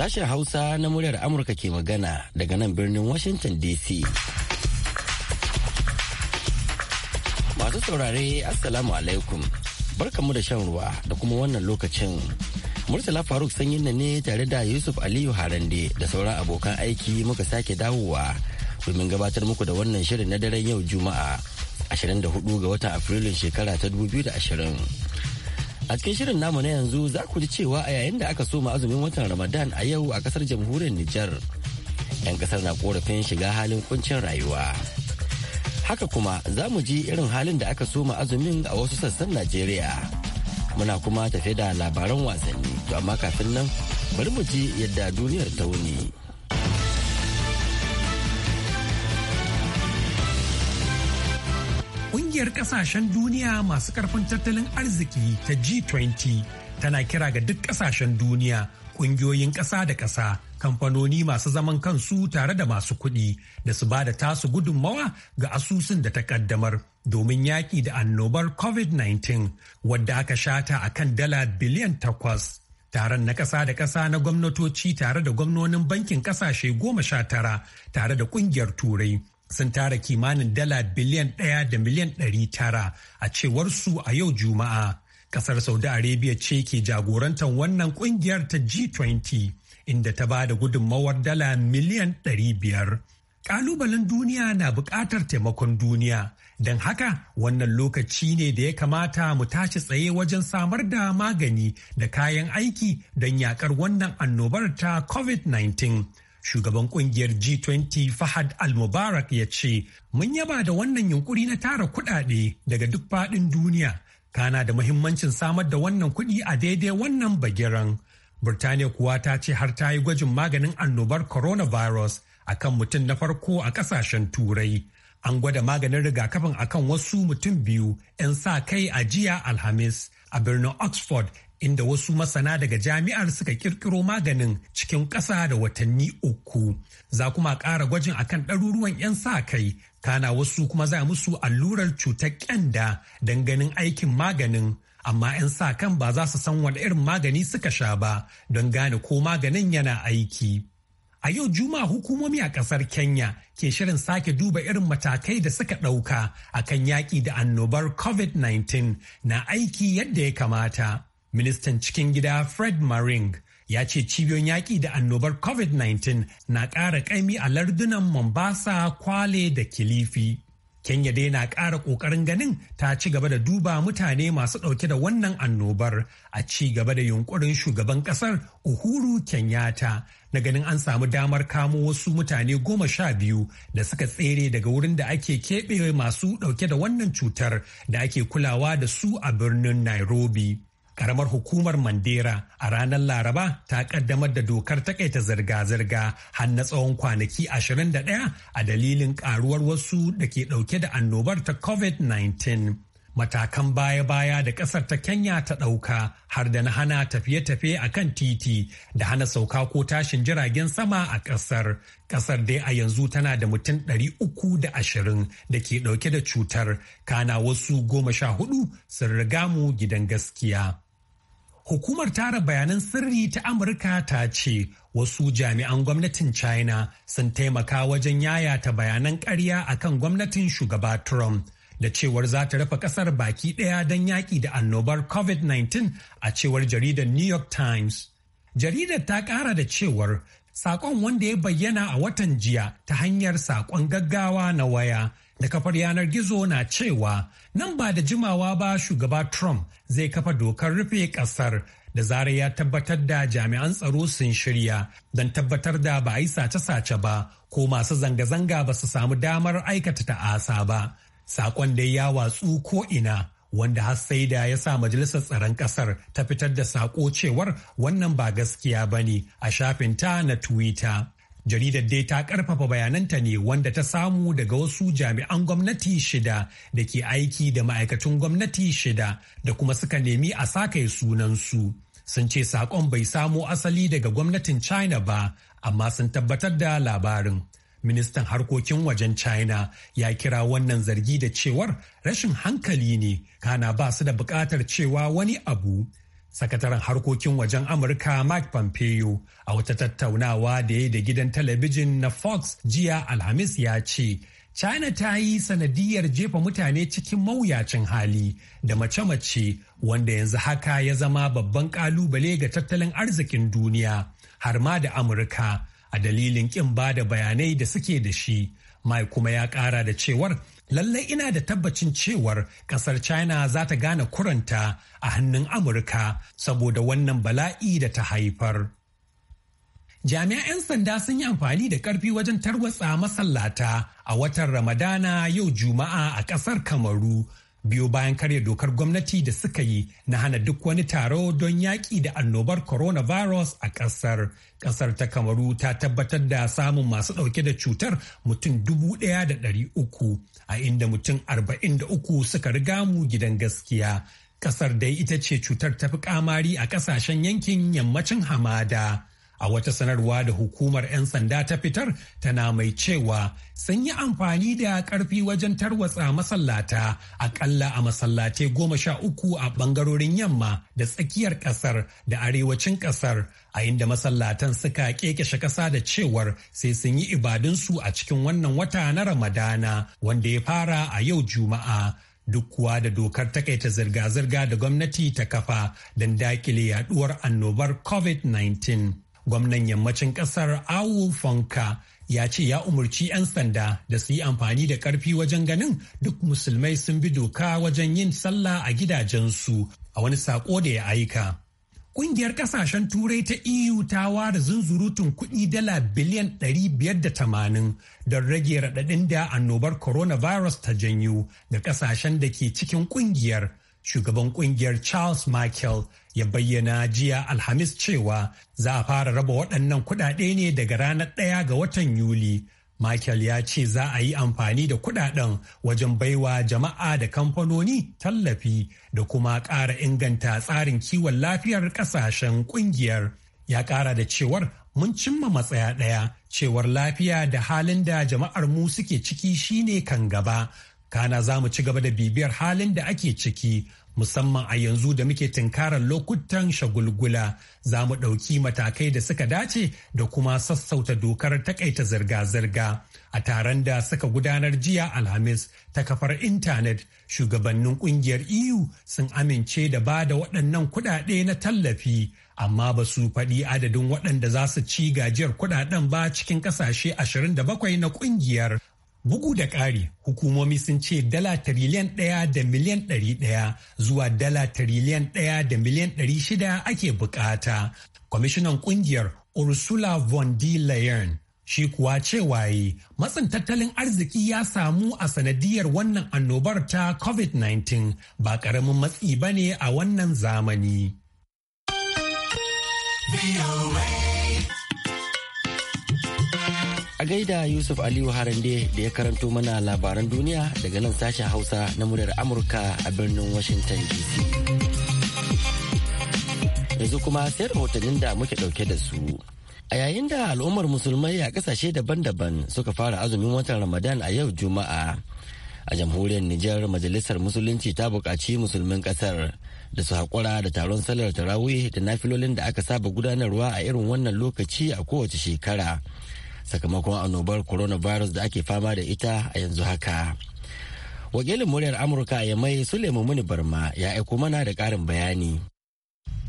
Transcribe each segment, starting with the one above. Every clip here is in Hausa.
Sashen Hausa na muryar Amurka ke magana daga nan birnin Washington DC. Masu saurare Assalamu alaikum. Barkamu da shan ruwa da kuma wannan lokacin. Murtala Faruk sanyin na ne tare da Yusuf Aliyu Harande da sauran abokan aiki muka sake dawowa domin gabatar muku da wannan shirin na daren yau Juma'a 24 ga watan Afrilun shekara ta 2020. A cikin shirin namu na yanzu za ku ji cewa a yayin da aka soma azumin watan Ramadan a yau a kasar jamhuriyar Nijar. 'Yan kasar na korafin shiga halin kuncin rayuwa. Haka kuma za mu ji irin halin da aka soma azumin a wasu sassan Najeriya. Muna kuma tafe da labaran wasanni, to amma kafin nan bari mu ji yadda duniyar ta wuni. Ƙungiyar ƙasashen duniya masu ƙarfin tattalin arziki ta G20 tana kira ga duk ƙasashen duniya, ƙungiyoyin ƙasa da ƙasa, kamfanoni masu zaman kansu tare da masu kuɗi da su ba da tasu gudunmawa ga asusun da ta ƙaddamar domin yaƙi da annobar COVID-19 wadda aka shata a kan dala biliyan takwas. Taron na ƙasa da ƙasa na gwamnatoci tare da gwamnonin bankin ƙasashe goma sha tara tare da ƙungiyar Turai sun tara kimanin dala biliyan ɗaya da miliyan ɗari tara a cewar su a yau juma'a ƙasar saudi arabia ce ke jagorantar wannan ƙungiyar ta g20 inda ta ba da gudunmawar dala miliyan ɗari biyar. Ƙalubalen duniya na buƙatar taimakon duniya don haka wannan lokaci ne da ya kamata mu tashi tsaye wajen samar da magani da kayan aiki don yakar wannan annobar ta covid-19 Shugaban kungiyar G20 Fahad Al-Mubarak ya ce, Mun yaba da wannan yunkuri na tara kuɗaɗe daga duk faɗin duniya, kana da muhimmancin samar da wannan kuɗi a daidai wannan bagiran. Birtaniya kuwa ta ce har ta yi gwajin maganin annobar coronavirus akan mutum na farko a ƙasashen Turai. An gwada maganin rigakafin a kan wasu mutum biyu 'yan sa kai a jiya Alhamis a birnin Oxford inda wasu masana daga jami'ar suka kirkiro maganin cikin ƙasa da watanni uku. Za kuma ƙara gwajin akan ɗaruruwan 'yan sa kai, kana wasu kuma za musu allurar cutar ƙyanda don ganin aikin maganin. Amma 'yan sa kan ba za su san wani irin magani suka sha ba don gane ko maganin yana aiki. A yau Juma'a hukumomi a ƙasar Kenya ke shirin sake duba irin matakai da suka ɗauka a kan yaƙi da annobar COVID-19 na aiki yadda ya kamata. Ministan cikin gida Fred Maring ya ce cibiyoyin yaƙi da annobar COVID-19 na ƙara ƙaimi a lardunan Mombasa, Kwale da Kilifi. Kenya dai na ƙara ƙoƙarin ganin ta ci gaba da duba mutane masu ɗauke da wannan annobar a ci gaba da yunkurin shugaban ƙasar Uhuru Kenyatta na ganin an samu damar kamo wasu mutane goma sha biyu da suka tsere daga wurin da ake keɓe masu ɗauke da wannan cutar da ake kulawa da su a birnin Nairobi. karamar hukumar mandera a ranar laraba ta kaddamar da dokar takaita zirga-zirga har na tsawon kwanaki 21 a dalilin karuwar wasu da ke dauke da annobar ta covid-19 matakan baya-baya da kasar ta kenya ta dauka har da na hana tafiye-tafiye a kan titi da hana sauka ko tashin jiragen sama a kasar kasar dai a yanzu tana da mutum ɗari 320 da ke dauke da cutar kana wasu goma sha hudu sun riga mu gidan gaskiya Hukumar tara bayanan sirri ta Amurka ta ce wasu jami'an gwamnatin China sun taimaka wajen yayata bayanan ƙarya kan gwamnatin shugaba Trump. da cewar za ta rufe kasar baki ɗaya don yaƙi da annobar covid-19 a cewar jaridar new york times jaridar ta ƙara da cewar saƙon wanda ya bayyana a watan jiya ta hanyar saƙon gaggawa na waya da kafar yanar gizo na cewa nan ba da jimawa ba shugaba Trump zai kafa dokar rufe kasar da zarar ya tabbatar da jami'an tsaro sun shirya don tabbatar da ba a yi sace-sace ba ko masu zanga-zanga ba su samu damar aikata ta'asa ba. saƙon dai ya watsu ko ina wanda har sai da ya sa majalisar tsaron kasar ta fitar da saƙo cewar wannan ba gaskiya ba ne a shafinta na Twitter. jaridar dai ta karfafa bayananta ne wanda ta samu daga wasu jami'an gwamnati shida da ke aiki da ma'aikacin gwamnati shida da kuma suka nemi a sakaye sunansu sun ce saƙon bai samo asali daga gwamnatin china ba amma sun tabbatar da labarin ministan harkokin wajen china ya kira wannan zargi da cewar rashin hankali ne kana ba su da buƙatar cewa wani abu sakataren harkokin wajen amurka mike pompeo a wata tattaunawa da ya da gidan talabijin na fox jiya alhamis ya ce china ta yi sanadiyar jefa mutane cikin mawuyacin hali da mace-mace wanda yanzu haka ya zama babban kalubale ga tattalin arzikin duniya har ma da amurka a dalilin kin ba da bayanai da suke da shi mai kuma ya kara da cewar lallai ina da tabbacin cewar kasar china za ta gane kuranta a hannun amurka saboda wannan bala'i da ta haifar jami'an 'yan sanda sun yi amfani da karfi wajen tarwatsa masallata a watan ramadana yau juma'a a kasar kamaru Biyu bayan karya dokar gwamnati da suka yi na hana duk wani taro don yaƙi da annobar coronavirus a ƙasar. Ƙasar ta kamaru ta tabbatar da samun masu ɗauke da cutar mutum dubu ɗaya da ɗari uku, a inda mutum arba'in da uku suka riga mu gidan gaskiya. Ƙasar dai ita ce cutar tafi ƙamari a ƙasashen yankin yammacin hamada. A wata sanarwa da hukumar 'yan sanda ta fitar tana mai cewa sun yi amfani da karfi wajen tarwatsa masallata akalla a masallatai goma sha uku a bangarorin yamma da tsakiyar ƙasar da arewacin ƙasar a inda masallatan suka kekeshe ƙasa da cewar sai sun yi ibadunsu a cikin wannan wata na Ramadana wanda ya fara a yau Juma'a. duk kuwa da dokar takaita zirga-zirga da gwamnati ta kafa don dakile yaduwar annobar covid-19 Gwamnan yammacin ƙasar Awu Fanka ya ce ya umarci 'yan sanda da su yi amfani da ƙarfi wajen ganin duk musulmai sun bi doka wajen yin sallah a gidajensu a wani sako da ya aika. Ƙungiyar ƙasashen Turai ta EU ta ware zunzurutun kuɗi dala biliyan 580 don rage raɗaɗin da annobar coronavirus ta janyo da ƙasashen da ke cikin ƙungiyar shugaban kungiyar Charles Michael ya bayyana jiya Alhamis cewa za a fara raba waɗannan kuɗaɗe ne daga ranar ɗaya ga watan Yuli. Michael ya ce za a yi amfani da kuɗaɗen wajen baiwa jama'a da kamfanoni tallafi da kuma ƙara inganta tsarin kiwon lafiyar ƙasashen ƙungiyar. Ya ƙara da cewar mun cimma matsaya ɗaya cewar lafiya da halin da jama'ar mu suke ciki shine kan gaba kana za mu ci gaba da bibiyar halin da ake ciki musamman a yanzu da muke tinkarar lokutan shagulgula za mu ɗauki matakai da suka dace da kuma sassauta dokar takaita zirga-zirga a taron da suka gudanar jiya alhamis ta kafar intanet shugabannin kungiyar eu sun amince da ba da waɗannan kuɗaɗe na tallafi amma ba su faɗi adadin waɗanda za su ci gajiyar kuɗaɗen ba cikin ƙasashe 27 na ƙungiyar Bugu da ƙari, hukumomi sun ce dala tiriliyan ɗaya da miliyan ɗari ɗaya zuwa dala tiriliyan ɗaya da miliyan ɗari shida ake bukata. Kwamishinan ƙungiyar Ursula von der Leyen shi kuwa cewa yi matsin tattalin arziki ya samu a sanadiyar wannan annobar ta covid-19 ba ƙaramin matsi ba ne a wannan zamani. gaida Yusuf Aliyu Harande da ya karanto mana labaran duniya daga nan sashen Hausa na muryar Amurka a birnin Washington DC. Yanzu kuma sai rahotannin da muke dauke da su. A yayin da al'ummar musulmai a kasashe daban-daban suka fara azumin watan Ramadan a yau Juma'a. A jamhuriyar Nijar Majalisar Musulunci ta buƙaci musulmin ƙasar da su haƙura da taron sallar tarawih da nafilolin da aka saba gudanarwa a irin wannan lokaci a kowace shekara. sakamakon annobar coronavirus da ake fama da ita a yanzu haka wakilin muryar amurka ya mai suleiman muni barma ya aiko mana da karin bayani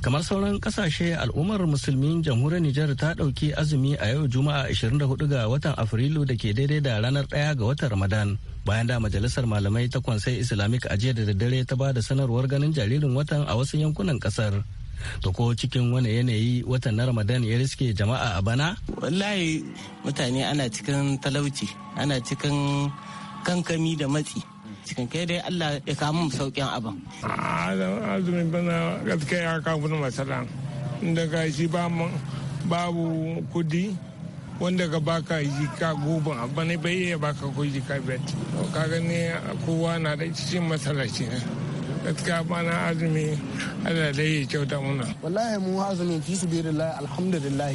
kamar sauran kasashe al'ummar musulmin jamhuriyar nijar ta ɗauki azumi a yau juma'a 24 ga watan afrilu da ke daidai da ranar 1 ga watan ramadan bayan da majalisar malamai ta kwansai islamic a jiya da daddare ta ba da sanarwar ganin jaririn watan a wasu yankunan kasar to ko cikin wani yanayi watan na ramadan ya riske jama'a a bana wallahi mutane ana cikin talauci ana cikin kankami da matsi cikin kai dai allah ya kamu sauƙin abin azumin bana gaske ya kawo masala daga shi babu kudi wanda ga baka ka goma abu ne bai iya baka ko ka bet kaga ne kowa na da cikin matsala ne gaskiya bana azumi Allah dai ya kyauta muna wallahi mu azumi fi su alhamdulillah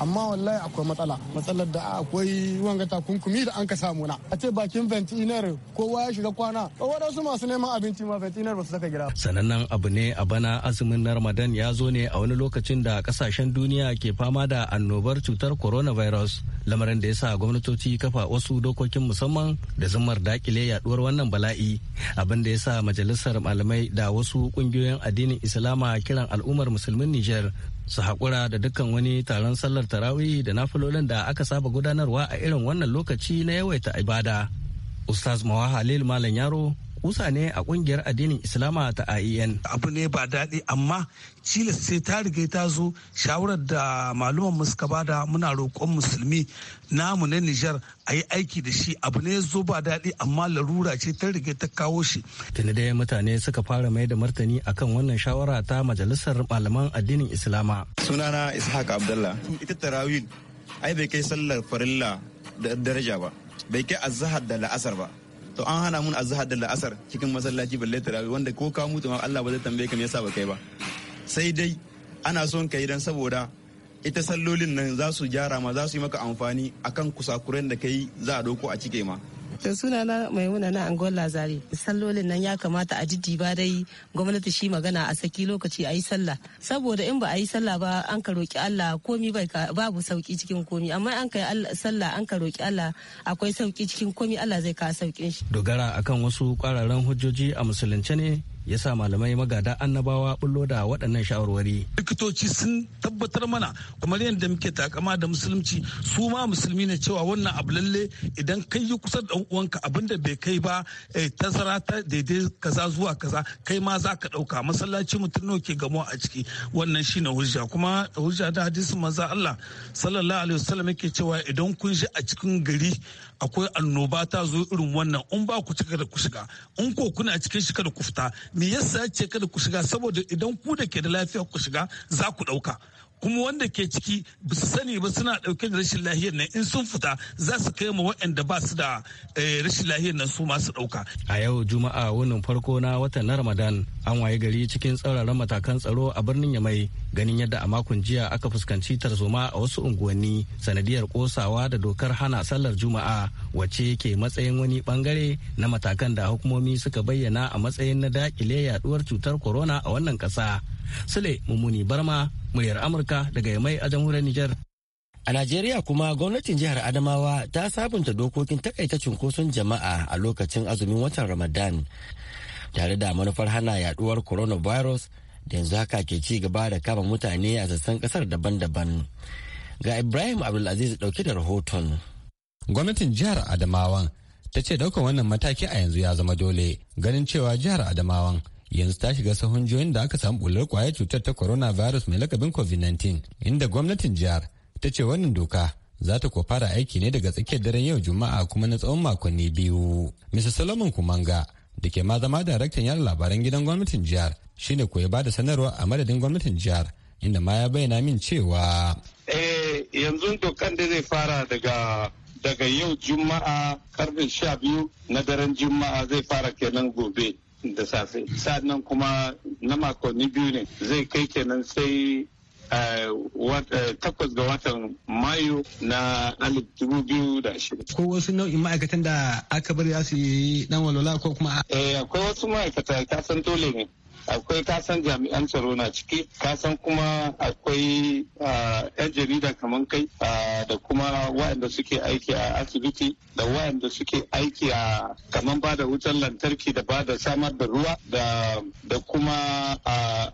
amma wallahi akwai matsala matsalar da akwai wanga takunkumi da an ka samu na a ce bakin ventinar kowa ya shiga kwana su masu neman abinci ma ventinar ba su saka gida sanannen abu ne a bana azumin na ramadan ya zo ne a wani lokacin da kasashen duniya ke fama da annobar cutar coronavirus lamarin da ya sa gwamnatoci kafa wasu dokokin musamman da zumar dakile yaduwar wannan bala'i abin da ya sa majalisar malamai da wasu kungiyoyin addinin islama kiran al'ummar musulmin niger su haƙura da dukkan wani taron sallar sallar tarawih da nafilolin da aka saba gudanarwa a irin wannan lokaci na yawaita ibada. Ustaz Mawa Halil Malam Yaro kusa ne a kungiyar addinin Islama ta IEN. Abu ne ba daɗi amma cilas sai ta riga ta zo shawarar da maluman mu suka bada muna roƙon musulmi namu na Nijar a yi aiki da shi abu ne zo ba daɗi amma larura ce ta riga ta kawo shi. Tuni dai mutane suka fara mai da martani akan wannan shawara ta majalisar malaman addinin Islama. Sunana Ishaq abdullah Ita tarawih ai bai kai sallar farilla da daraja ba. Bai kai azahar da la'asar ba. to an hana mun azhar da la'asar cikin masallaci balle tarawih wanda ko ka mutu ma Allah ba zai tambaye ka me yasa ba kai ba sai dai ana son ka yi dan saboda ita sallolin nan za su gyara ma za su yi maka amfani akan kusakuren da kai za a doko a cike ma da suna na maimuna na angola zari sallolin nan ya kamata a ba dai gwamnati shi magana a saki lokaci a yi sallah saboda in ba a yi sallah ba an ka roƙi allah komi bai babu sauki cikin komi amma an ka yi sallah an ka roƙi allah akwai sauki cikin komi allah zai kawo saukin shi dogara akan wasu kwararran hujjoji a musulunce ne ya sa malamai magada annabawa bullo da waɗannan shawarwari. Likitoci sun tabbatar mana kamar yadda muke takama da musulunci su ma musulmi ne cewa wannan abu lalle idan kai yi kusa da uwanka da bai kai ba eh, tazara ta daidai kaza zuwa kaza kai ma za ka ɗauka masallaci mutum nawa ke gamo a ciki wannan shi shine hujja kuma hujja da hadisin maza Allah sallallahu alaihi wasallam yake cewa idan kun shi a cikin gari akwai annoba ta zo irin wannan in ba ku cika da ku shiga in ko kuna cikin shi da ku fita me yasa ce kada ku shiga saboda idan ku da ke da lafiya ku shiga za ku ɗauka kuma wanda ke ciki ba su sani ba suna dauke da rashin lahiyar nan in sun fita za su kai ma waɗanda ba su da eh, rashin lahiyar nan su masu dauka a yau juma'a wannan farko na watan na ramadan an waye gari cikin tsauraran matakan tsaro a birnin yamai ganin yadda a makon jiya aka fuskanci tarzoma a wasu unguwanni sanadiyar kosawa da dokar hana sallar juma'a wacce ke matsayin wani bangare na matakan da hukumomi suka bayyana a matsayin na dakile yaduwar cutar corona a wannan kasa Sule Mummuni Barma, muryar Amurka daga Yamai a jamhuriyar Nijar. A Najeriya kuma gwamnatin jihar Adamawa ta sabunta dokokin takaita cunkoson jama'a a lokacin azumin watan Ramadan tare da manufar hana yaduwar coronavirus da yanzu haka ke ci gaba da kama mutane a sassan kasar daban-daban. Ga Ibrahim Abdulaziz dauke da rahoton. Gwamnatin jihar Adamawan ta ce daukan wannan mataki a yanzu ya zama dole ganin cewa jihar Adamawan yanzu ta shiga sahun jihohin da aka samu bular kwayar cutar ta corona virus mai lakabin covid-19 inda gwamnatin jihar ta ce wannan doka za ta ko fara aiki ne daga tsakiyar daren yau juma'a kuma na tsawon makonni biyu mr solomon kumanga da ke ma zama daraktan yada labaran gidan gwamnatin jihar shine ko ya bada sanarwa a madadin gwamnatin jihar inda ma ya bayyana min cewa eh yanzu dokan da zai fara daga daga yau juma'a karfe sha biyu na daren juma'a zai fara kenan gobe da safe sa'annan kuma na makonni biyu ne zai kai kenan sai eh, eh, takwas ga watan mayu na alif dubu biyu da ashirin. Ko wasu nau'in ma'aikatan da aka bari za su yi dan walwala ko kuma? Eh akwai wasu ma'aikata san dole ne. akwai kasan jami'an tsaro na ciki kasan kuma akwai yan jarida kamar kai da kuma waɗanda suke aiki a asibiti da waɗanda suke aiki a kamar ba da wutar lantarki da ba da samar da ruwa da kuma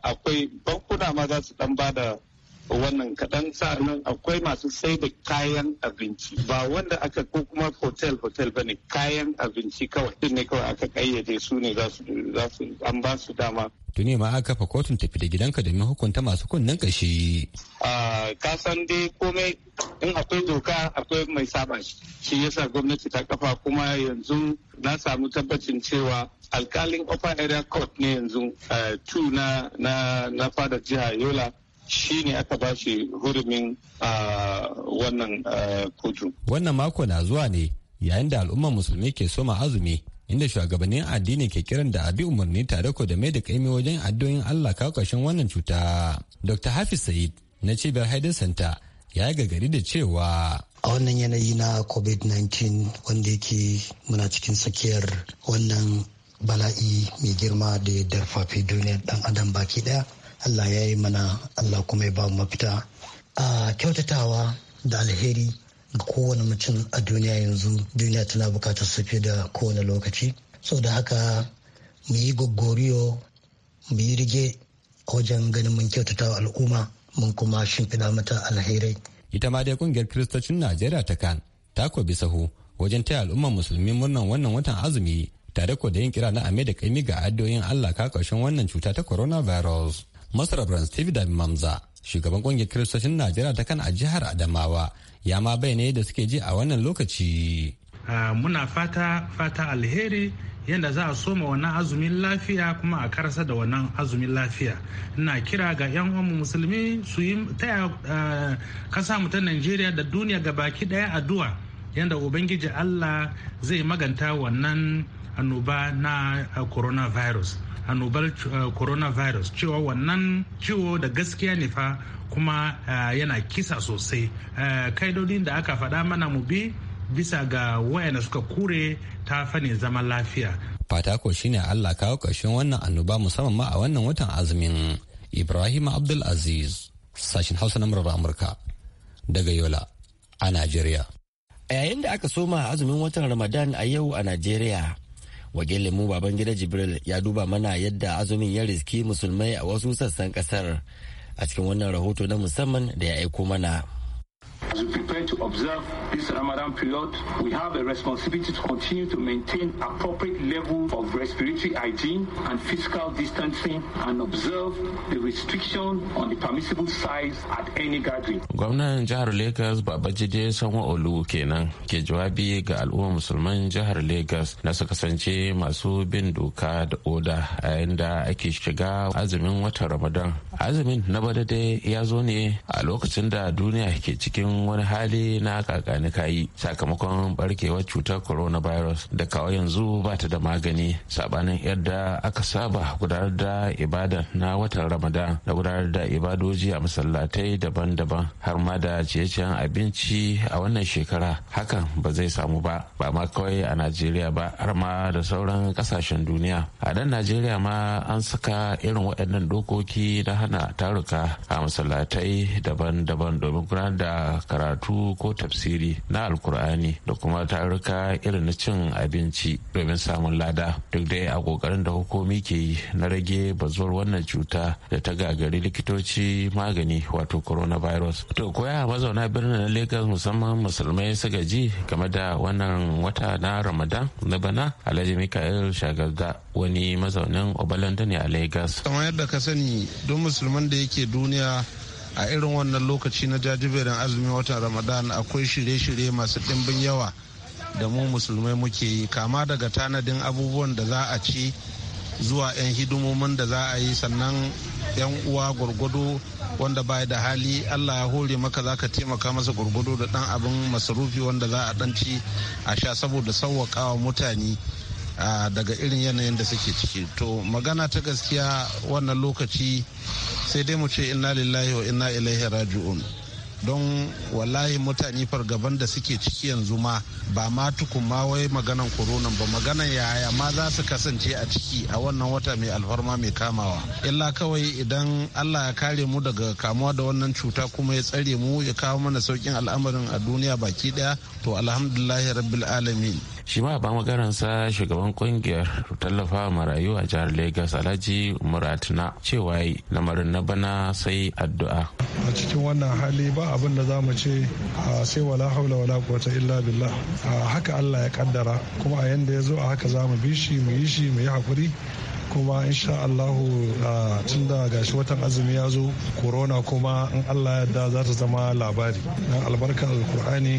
akwai bankuna ma za su dan ba da wannan kaɗan sa'annan akwai masu sai da kayan abinci ba wanda aka ko kuma hotel hotel ba ne kayan abinci kawai din ne kawai aka kayyade su ne za su an ba su dama tuni ma aka kafa kotun tafi da gidanka domin hukunta masu kunnen kashi. ka san dai komai in akwai doka akwai mai saba shi shi yasa gwamnati ta kafa kuma yanzu na samu tabbacin cewa alkalin upper area court ne yanzu eh, tu na na fada jihar yola shi ne aka ba shi hurumin a wannan kotu. Wannan mako na zuwa ne yayin da al'ummar musulmi ke soma azumi inda shugabannin addini ke kiran da abi umarni tare ko da mai da kaimi wajen addu'o'in Allah kakashin wannan cuta. Dr. Hafiz Said na cibiyar Haidar Santa ya yi gagari da cewa a wannan yanayi na covid-19 wanda yake muna cikin tsakiyar wannan bala'i mai girma da ya darfafi duniyar dan adam baki daya Allah ya yi mana Allah kuma ya ba mu mafita a kyautatawa da alheri ga kowane mutum a duniya yanzu duniya tana bukatar su fiye da kowane lokaci sau da haka mu yi gogoriyo mu yi rige a wajen ganin mun kyautatawa al'umma mun kuma shimfiɗa mata alherai ita ma dai kungiyar kiristocin najeriya ta kan ta sahu wajen taya al'ummar musulmi murnan wannan watan azumi tare ko da yin kira na ame da kaimi ga addoyin allah ka ƙarshen wannan cuta ta coronavirus. masarabran steve dabi mamza shugaban kungiyar kiristocin najeriya ta kan a jihar adamawa ya ma bayyana da suke ji a wannan lokaci ah, muna fata fata alheri yadda za a soma wannan azumin lafiya kuma a karasa da wannan azumin lafiya ina kira ga 'yan uwanmu musulmi su yi taya ah, kasa mu ta najeriya da duniya ga baki daya addu'a yadda ubangiji allah zai maganta wannan annoba na ah, coronavirus annobar eh, coronavirus cewa wannan ciwo da gaskiya ne fa kuma eh, yana kisa sosai eh, kaidodin da aka faɗa mana mu bi bisa ga wayana suka kure ta fannin zaman lafiya fata ko shine allah kawo ƙarshen wannan annoba musamman ma a wannan watan azumin ibrahim abdul aziz sashen hausa na murar amurka daga yola a najeriya a yayin da aka soma azumin watan ramadan a yau a najeriya wajen lemu baban gida jibril ya duba mana yadda azumin ya riski musulmai a wasu sassan kasar a cikin wannan rahoto na musamman da ya aiko mana. As we prepare to observe this Ramadan period, we have a responsibility to continue to maintain appropriate level of respiratory hygiene and physical distancing and observe the restriction on the permissible size at any gathering. Gwamnan jihar Lagos Babajide Sanwo-Olu kenan ke jawabi ga al'ummar musulman jihar Lagos na su kasance masu bin doka da oda a yayin da ake shiga azumin watan Ramadan. Azumin na badade ya zo ne a lokacin da duniya ke cikin cikin wani hali na kakani kayi sakamakon barkewar cutar corona virus da kawo yanzu ba ta da magani sabanin yadda aka saba gudanar da ibada na watan ramadan da gudanar da ibadoji a masallatai daban-daban har ma da ciye-ciyen abinci a wannan shekara hakan ba zai samu ba ba ma kawai a najeriya ba har ma da sauran kasashen duniya a dan najeriya ma an saka irin waɗannan dokoki na hana taruka a masallatai daban-daban domin gudanar da karatu ko tafsiri na alkur'ani da kuma taruka irin na cin abinci domin samun lada duk dai a kokarin da hukumi ke yi na rage bazuwar wannan cuta da ta gagari likitoci magani wato coronavirus to koya mazauna birnin na lagos musamman musulmai suka ji game da wannan wata na ramadan na bana alhaji mikael shagarda wani mazaunin obalanda ne a lagos kamar yadda ka sani don musulman da yake duniya a irin wannan lokaci na jajiberin azumin watan ramadan akwai shirye-shirye masu ɗimbin yawa da mu musulmai muke yi kama daga tanadin abubuwan da za a ci zuwa 'yan hidimomin da za a yi sannan 'yan uwa gwargwado wanda baya da hali allah ya hore maka za ka taimaka masa gwargwado da dan abin masarufi wanda za a danci a sha saboda sauwaƙawa mutane daga irin yanayin da suke ciki to magana ta gaskiya wannan lokaci sai dai mu ce inna lillahi wa inna ilaihi raji'un don wallahi mutane fargaban da suke ciki yanzu ma ba ma tukun ma wai maganan korona ba maganan yaya ma za su kasance a ciki a wannan wata mai alfarma mai kamawa illa kawai idan allah ya kare mu daga kamuwa da wannan cuta kuma ya tsare mu ya kawo mana saukin al'amarin a duniya baki daya to alhamdulillahi rabbil alamin shi ma ba magaransa shugaban kungiyar tallafa marayu a jihar lagos alhaji umar atina cewa lamarin na bana sai addu'a a cikin wannan hali ba abin da za mu ce sai wala haula wala kuwata illa billah haka allah ya kaddara kuma a yanda ya zo a haka za mu bi shi mu yi shi mu yi hakuri kuma insha Allahu tun da gashi watan azumi ya zo corona kuma in Allah yadda za ta zama labari na albarkar alkur'ani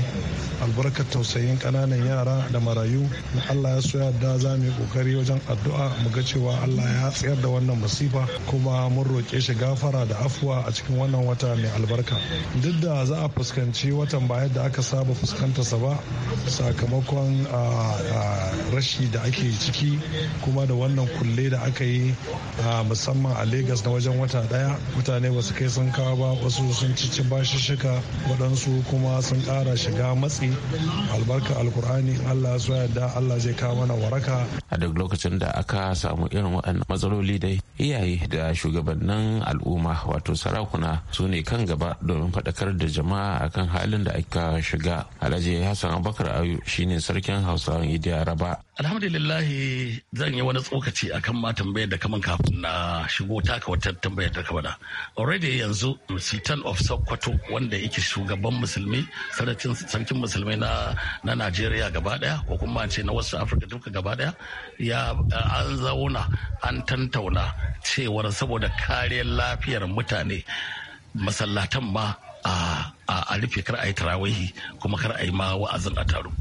albarkar tausayin kananan yara da marayu na Allah ya so da za mu yi kokari wajen addu'a mu ga cewa Allah ya tsayar da wannan masifa kuma mun roƙe shi gafara da afuwa a cikin wannan wata mai albarka duk da za a fuskanci watan ba yadda aka saba fuskantarsa ba sakamakon rashi da ake ciki kuma da wannan kulle da aka yi musamman a Legas na wajen wata daya mutane ba su kai sun kawo ba wasu sun cici shika waɗansu kuma sun ƙara shiga matsi albarka alkur'ani Allah su yadda Allah zai kawo mana waraka. A duk lokacin da aka samu irin waɗannan matsaloli dai iyaye da shugabannin al'umma wato sarakuna su ne kan gaba domin faɗakar da jama'a akan halin da aka shiga alhaji hassan abubakar ayu shine sarkin hausawan idi araba alhamdulillah zan yi wani tsokaci akan ma tambayar da kaman kafin na shigo taka wata tambayar da ka already yanzu sultan of sokoto wanda yake shugaban musulmi sarkin musulmi na na najeriya gaba daya ko kuma ce na wasu afirka duka gaba daya ya an zauna an tantauna cewar saboda kariyar lafiyar mutane masallatan ma a rufe kar a yi tarawahi kuma kar a yi ma wa'azin a taro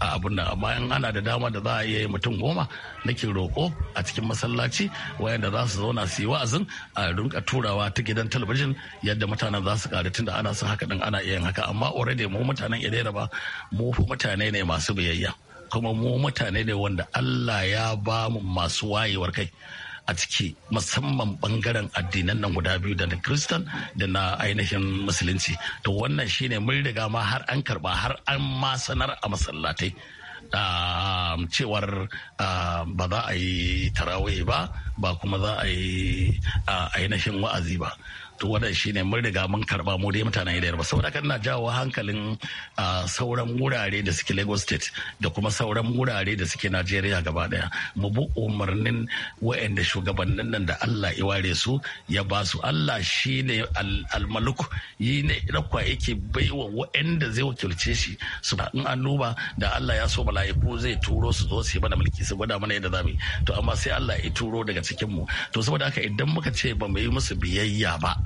a abin da bayan ana da dama da za a yi mutum goma nake roƙo a cikin masallaci wayanda za su zauna su yi wa'azin a rinka turawa ta gidan talabijin yadda mutanen za su kare tun da ana son haka din ana iya yin haka amma already mu mutanen daina ba mu mutane ne masu biyayya kuma mu mutane ne wanda Allah ya ba mu masu wayewar kai a ciki musamman bangaren addinan nan guda biyu da na kristan da na ainihin musulunci to wannan shine mun riga ma har an karba har an ma sanar a masallatai um, cewar um, ba za a yi tarawih ba ba kuma za a yi uh, ainihin wa'azi ba to wannan shine mun riga mun karba mu dai mutanen da yarba saboda kan na jawo hankalin sauran wurare da suke Lagos State da kuma sauran wurare da suke Najeriya gaba daya mu bi umarnin waɗanda shugabannin nan da Allah ya ware su ya ba su Allah shine almaluk yi ne rakwa yake baiwa waɗanda zai wakilce shi su ba in an da Allah ya so mala'iku zai turo su zo su yi mana mulki su gwada mana yadda za mu to amma sai Allah ya turo daga cikin mu to saboda haka idan muka ce ba mu yi musu biyayya ba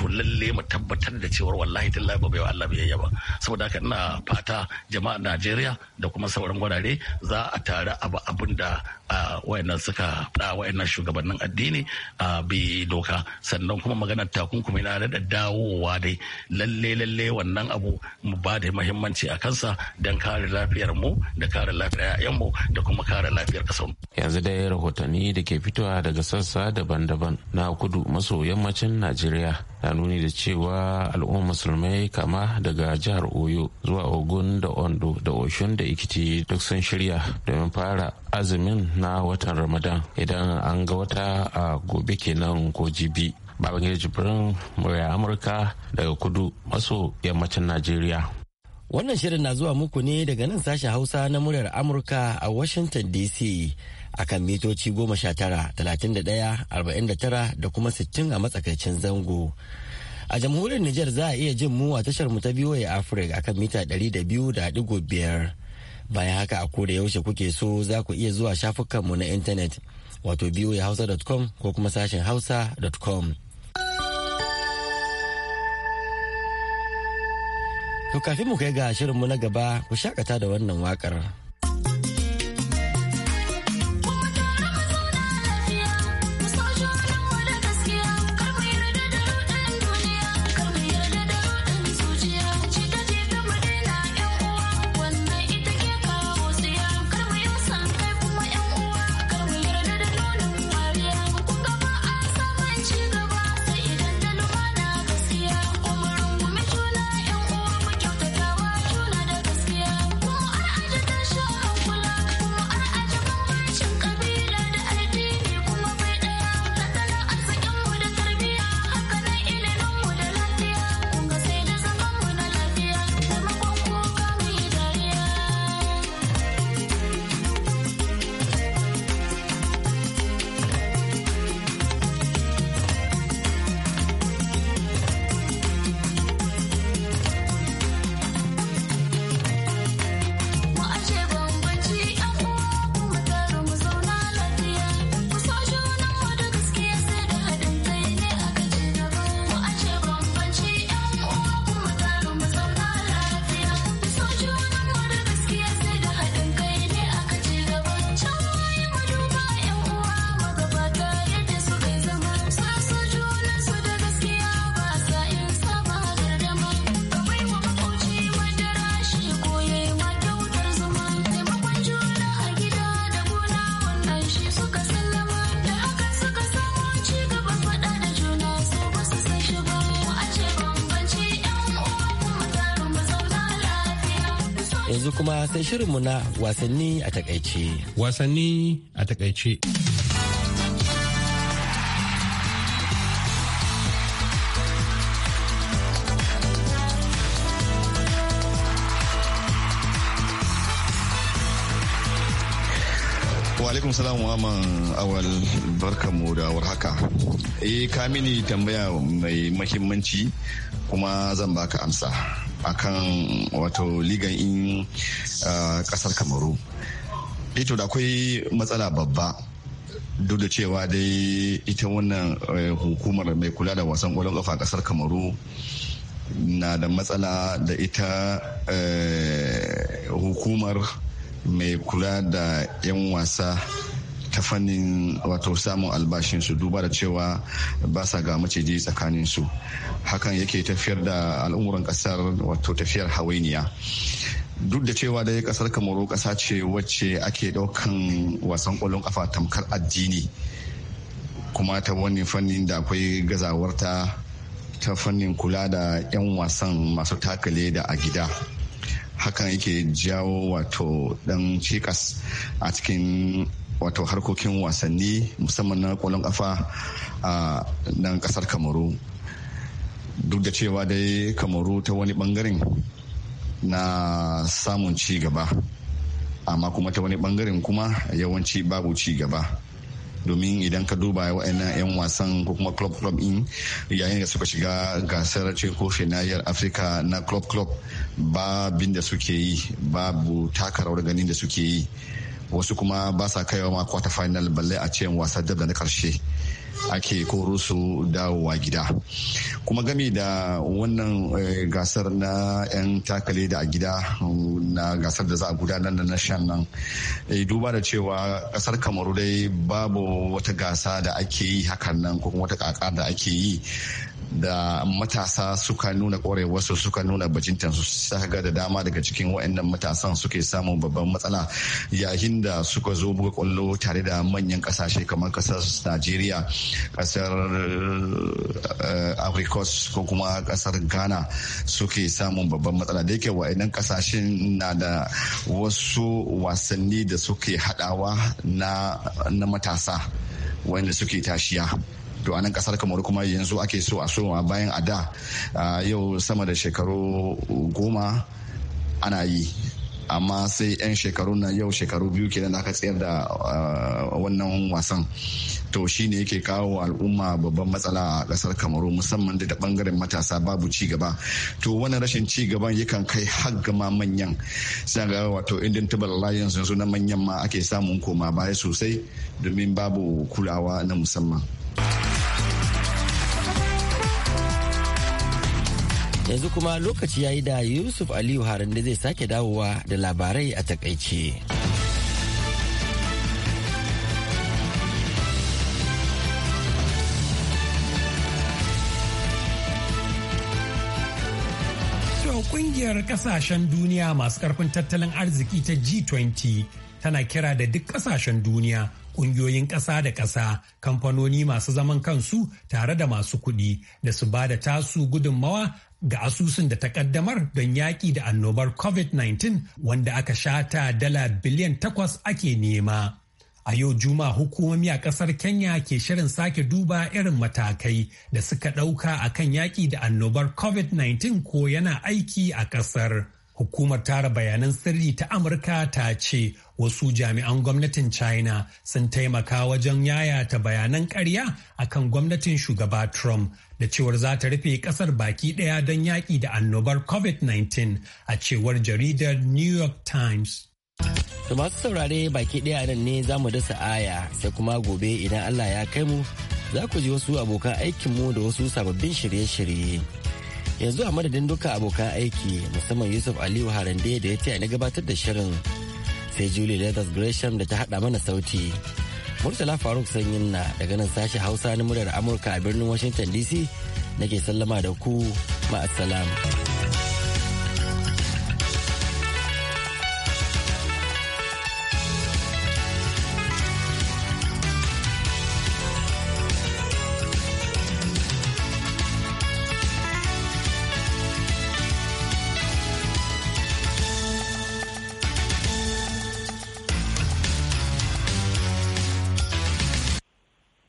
to lalle mu tabbatar da cewar wallahi tallahi ba bai Allah biyayya ba saboda haka ina fata jama'a Najeriya da kuma sauran gurare za a tare abu abin da wayannan suka da wayannan shugabannin addini a bi doka sannan kuma maganar takunkumi na da dawowa dai lalle lalle wannan abu mu ba da muhimmanci a kansa don kare lafiyar mu da kare lafiyar mu da kuma kare lafiyar kasar yanzu dai rahotanni da ke fitowa daga sassa daban-daban na kudu maso yammacin Najeriya na nuni da cewa al'ummar musulmai kama daga jihar oyo zuwa ogun da ondo da oshun da ikiti duk sun shirya domin fara azumin na watan ramadan idan an ga wata a gobe kenan ko jibi babangida jibrin murya amurka daga kudu maso yammacin najeriya Wannan shirin na zuwa muku ne daga nan sashen Hausa na muryar Amurka a Washington DC a kan mitoci 19,31,49 da kuma 60 a matsakaicin zango. A jamhuriyar Nijar za a iya jin mu a tashar mu ta Afirka afirka akan mita 200.5. Bayan haka a kore yaushe kuke so za ku iya zuwa shafukanmu na intanet wato hausa.com ko kuma sashen hausa.com. To kafin mu kai ga shirinmu na gaba ku shakata da wannan wakar. kuma sai shirinmu na wasanni a takaice. Wasanni a takaice. Assalamu aman awal barkamu da haka Eh ka mini tambaya mai mahimmanci kuma zan baka amsa akan wato ligan in kasar Kamaru. Ito eh, da akwai matsala babba duk da cewa dai ita wannan eh, hukumar mai kula da wasan kwallon kafa kasar Kamaru na da matsala da ita eh, hukumar mai kula da 'yan wasa ta fannin wato samun albashin su duba da cewa ba sa ga maciji tsakaninsu hakan yake tafiyar da al'umuran kasar wato tafiyar hawainiya duk da cewa dai kasar kamaru kasa ce wacce ake daukan wasan kwallon kafa tamkar addini kuma ta wani fannin da akwai gazawarta ta fannin kula da 'yan wasan masu takale da a gida hakan yake jawo wato dan cikas a cikin wato harkokin wasanni musamman na kwallon kafa a nan kasar kamaru duk da cewa dai kamaru ta wani bangaren na samun ci gaba amma kuma ta wani bangaren kuma yawanci babu ci gaba domin idan ka duba wa'ina 'yan wasan ko kuma club club in yayin da suka shiga gasar cin ko nahiyar afirka na club club babin da suke yi babu taka rawar ganin da suke yi wasu kuma ba sa kaiwa ma kwata final balle a ce wasa dab da na karshe ake koro su dawowa gida kuma gami da wannan eh, gasar na 'yan takale da a gida mm, na gasar da za a gudanar da shan nan eh, duba da cewa kasar kamaru dai babu wata gasa da ake yi hakan nan ko kuma wata kakar da ake yi da matasa suka nuna su suka nuna bajintan su ga da dama daga cikin wa'annan matasan suke samun babban matsala yayin da suka zo buga kwallo tare da manyan kasashe kamar ƙasar najeriya ƙasar africos eh, ko kuma kasar ghana suke samun babban matsala da yake wa'annan kasashen na da wasu wasanni da suke haɗawa na matasa wanda suke tashiya to a nan kasar kamaru kuma yanzu ake so a so bayan a da yau sama da shekaru goma ana yi amma sai 'yan shekaru na yau shekaru biyu kenan aka tsayar da wannan wasan to shi ne yake kawo al'umma babban matsala a kasar kamaru musamman da bangaren matasa babu ci gaba to wannan rashin ci gaban yakan kai har gama manyan sai ga wato indian table alliance yanzu na manyan ma ake samun koma baya sosai domin babu kulawa na musamman yanzu kuma lokaci ya yi da yusuf aliyu harin da zai sake dawowa da labarai a takaice ƙungiyar ƙasashen duniya masu ƙarfin tattalin arziki ta g20 tana kira da duk ƙasashen duniya ƙungiyoyin ƙasa da ƙasa kamfanoni masu zaman kansu tare da masu kuɗi da su ba da tasu gudunmawa ga asusun da ta ƙaddamar don yaƙi da annobar covid-19 wanda aka shata dala biliyan takwas ake nema. A yau Juma hukumomi a ƙasar Kenya ke shirin sake duba irin matakai da suka ɗauka a kan yaƙi da annobar COVID-19 ko yana aiki a ƙasar. Hukumar tara bayanan sirri ta Amurka ta ce wasu jami'an gwamnatin China sun taimaka wajen yayata bayanan karya akan gwamnatin shugaba Trump da cewar za ta rufe kasar baki ɗaya don yaƙi da annobar COVID-19 a cewar jaridar New York Times. To masu saurare baki ɗaya nan ne za mu dasa aya sai kuma gobe idan Allah ya kai mu za ku ji wasu abokan aikinmu da wasu sababbin shirye-shirye. yanzu a madadin duka abokan aiki musamman yusuf aliyu harande da ya ce na gabatar da shirin sai julie leathers gresham da ta hada mana sauti murtala faruk sanyin na daga nan sashi hausa na muryar amurka a birnin washington dc nake sallama da ku ma'asalam.